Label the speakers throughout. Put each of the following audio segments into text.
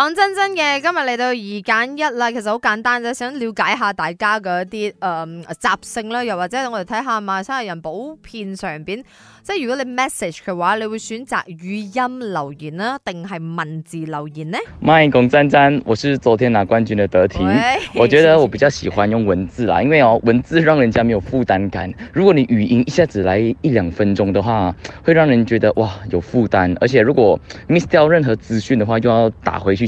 Speaker 1: 講真真嘅，今日嚟到二揀一啦，其實好簡單就想了解下大家嘅一啲誒習性啦，又或者我哋睇下埋生日人補片上邊，即係如果你 message 嘅話，你會選擇語音留言啦，定係文字留言呢？
Speaker 2: 咪講真真，我是昨天拿冠軍嘅德廷，喂我覺得我比較喜歡用文字啦，因為哦文字讓人家沒有負擔感，如果你語音一下子來一兩分鐘嘅話，會讓人覺得哇有負擔，而且如果 miss 掉任何資訊嘅話，又要打回去。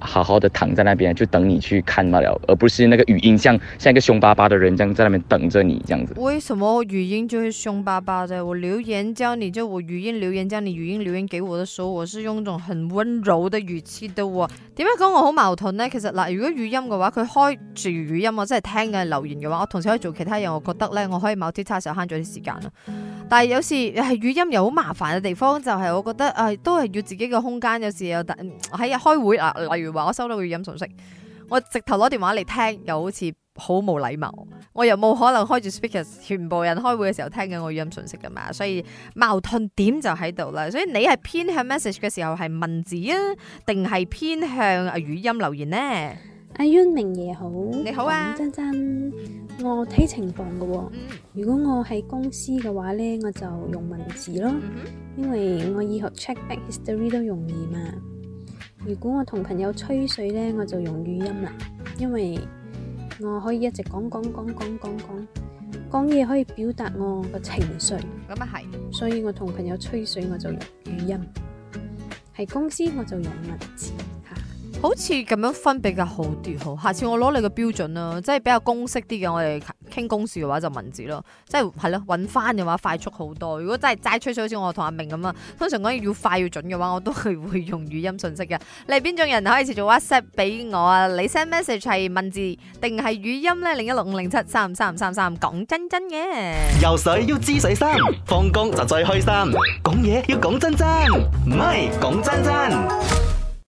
Speaker 2: 好好的躺在那邊就等你去看嘛了，而不是那個語音像像一個凶巴巴的人，這樣在那邊等着你這樣子。
Speaker 1: 為什麼語音就會凶巴巴嘅？我留言教你就我語音留言，叫你語音留言給我的時候，我是用一種很温柔的語氣的、哦。點樣講我好矛盾呢其實嗱，如果語音嘅話，佢開住語音，我真係聽緊留言嘅話，我同時可以做其他嘢。我覺得咧，我可以某啲嘅手慳咗啲時間啊。但係有時係語音又好麻煩嘅地方，就係、是、我覺得誒、啊，都係要自己嘅空間。有時又喺、嗯、開會啊，例、呃、如。呃話我收到語音訊息，我直頭攞電話嚟聽，又好似好冇禮貌。我又冇可能開住 speakers，全部人開會嘅時候聽緊我的語音訊息噶嘛，所以矛盾點就喺度啦。所以你係偏向 message 嘅時候係文字啊，定係偏向語音留言呢？阿
Speaker 3: Yun 明爺好，你好啊，真真，我睇情況噶。如果我喺公司嘅話咧，我就用文字咯，因為我以後 check back history 都容易嘛。如果我同朋友吹水呢，我就用語音啦，因為我可以一直講講講講講講，講嘢可以表達我個情緒。咁啊係，所以我同朋友吹水我就用語音，係公司我就用文字。好似咁
Speaker 1: 樣分比較好啲，好，下次我攞你個標準囉，即係比較公式啲嘅。我哋傾公事嘅話就文字囉，即係係咯，搵翻嘅話快速好多。如果真係齋吹水，好似我同阿明咁啊，通常講要快要準嘅話，我都係會用語音信息嘅。你係邊種人可以持續 WhatsApp 俾我啊？你 send message 係文字定係語音咧？零一六五零七三三三三三，講真真嘅。
Speaker 3: 游水要知水深，放工就最開心，講嘢要講真真，唔係講真真。